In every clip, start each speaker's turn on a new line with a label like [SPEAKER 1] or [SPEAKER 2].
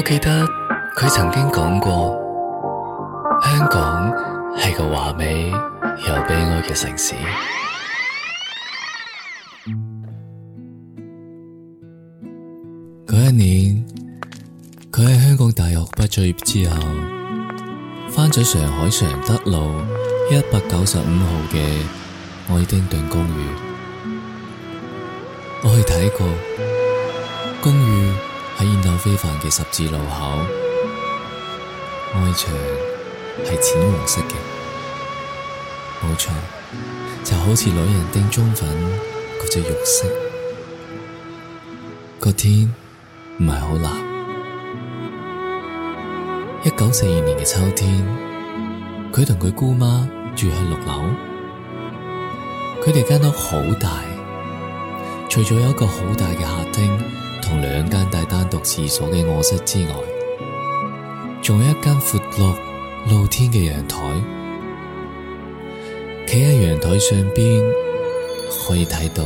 [SPEAKER 1] 我記得佢曾經講過，香港係個華美又悲哀嘅城市。嗰 一年，佢喺香港大學畢咗業之後，翻咗上海常德路一百九十五號嘅愛丁頓公寓。我去睇過公寓。喺熱鬧非凡嘅十字路口，外牆係淺黃色嘅，冇錯，就好似女人定妝粉嗰隻肉色。個天唔係好藍。一九四二年嘅秋天，佢同佢姑媽住喺六樓，佢哋間屋好大，除咗有一個好大嘅客廳，同兩間帶單獨廁所嘅臥室之外，仲有一間闊落露天嘅陽台。企喺陽台上邊，可以睇到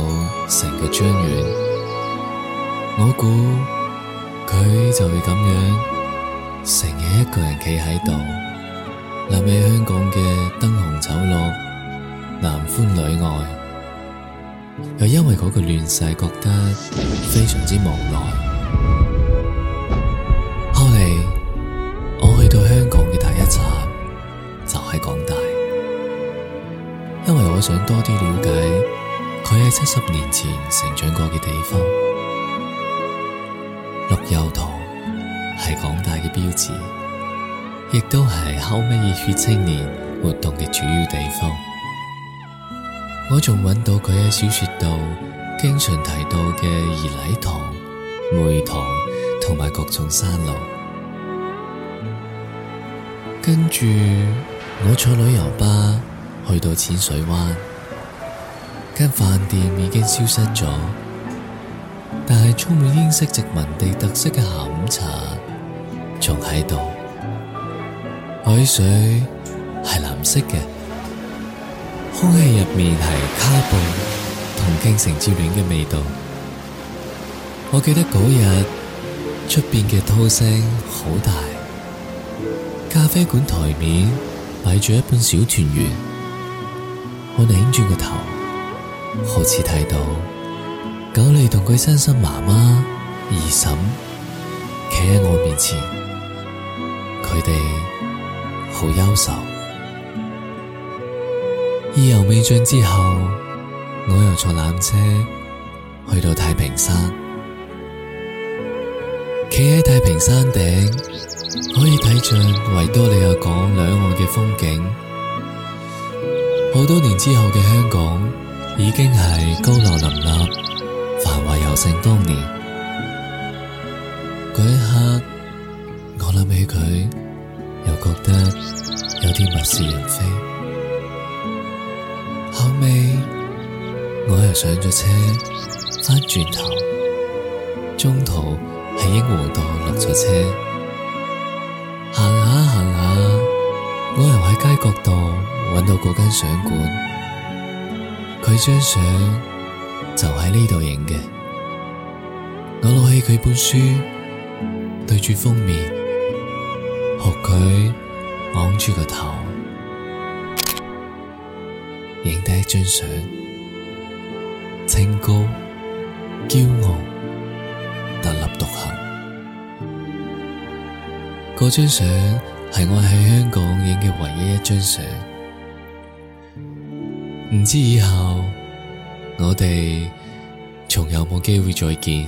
[SPEAKER 1] 成個張院。我估佢就會咁樣，成日一個人企喺度，諗起香港嘅燈紅酒綠，男歡女愛。又因為嗰個亂世，覺得非常之無奈。後嚟，我去到香港嘅第一站就係、是、港大，因為我想多啲了解佢喺七十年前成長過嘅地方。陸佑堂係港大嘅標誌，亦都係後尾熱血青年活動嘅主要地方。我仲揾到佢喺小說度經常提到嘅儀禮堂、梅堂同埋各種山路。跟住我坐旅遊巴去到淺水灣，間飯店已經消失咗，但係充滿英式殖民地特色嘅下午茶仲喺度。海水係藍色嘅。空氣入面係卡布同京城之戀嘅味道。我記得嗰日出邊嘅濤聲好大，咖啡館台面擺住一本小團圓。我擰轉個頭，好似睇到九莉同佢親生媽媽二嬸企喺我面前，佢哋好憂愁。意猶未盡之後，我又坐纜車去到太平山，企喺太平山頂，可以睇盡維多利亞港兩岸嘅風景。好多年之後嘅香港，已經係高樓林立，繁華猶勝當年。嗰一刻，我諗起佢，又覺得有啲物是人非。後尾我又上咗車，翻轉頭，中途喺英皇道落咗車，行下行下，我又喺街角度揾到嗰間相館，佢張相就喺呢度影嘅，我攞起佢本書，對住封面，學佢昂住個頭。影低一張相，清高、驕傲，特立獨行。嗰張相係我喺香港影嘅唯一一張相，唔知以後我哋仲有冇機會再見？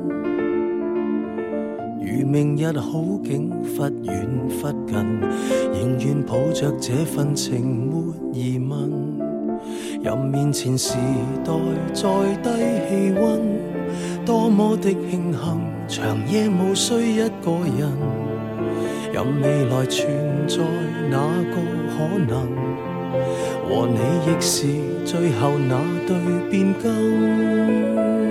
[SPEAKER 2] 如明日好景忽遠忽近，仍願抱着這份情沒疑問。任面前時代再低氣溫，多麼的慶幸，長夜毋需一個人。任未來存在哪個可能，和你亦是最後那對變更。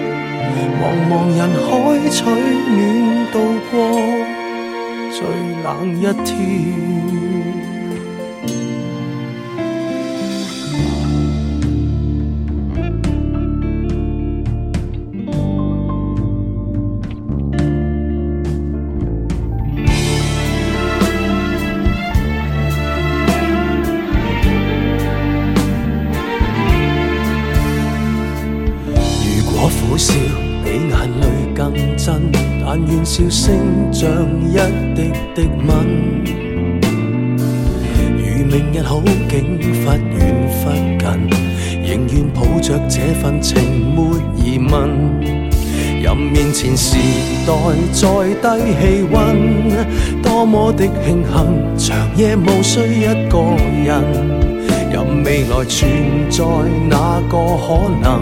[SPEAKER 2] 茫茫人海，取暖渡過最冷一天。但願笑聲像一滴滴吻，如明日好景忽遠忽近，仍願抱着這份情沒疑問。任面前時代再低氣温，多麼的慶幸，長夜無需一個人。任未來存在哪個可能？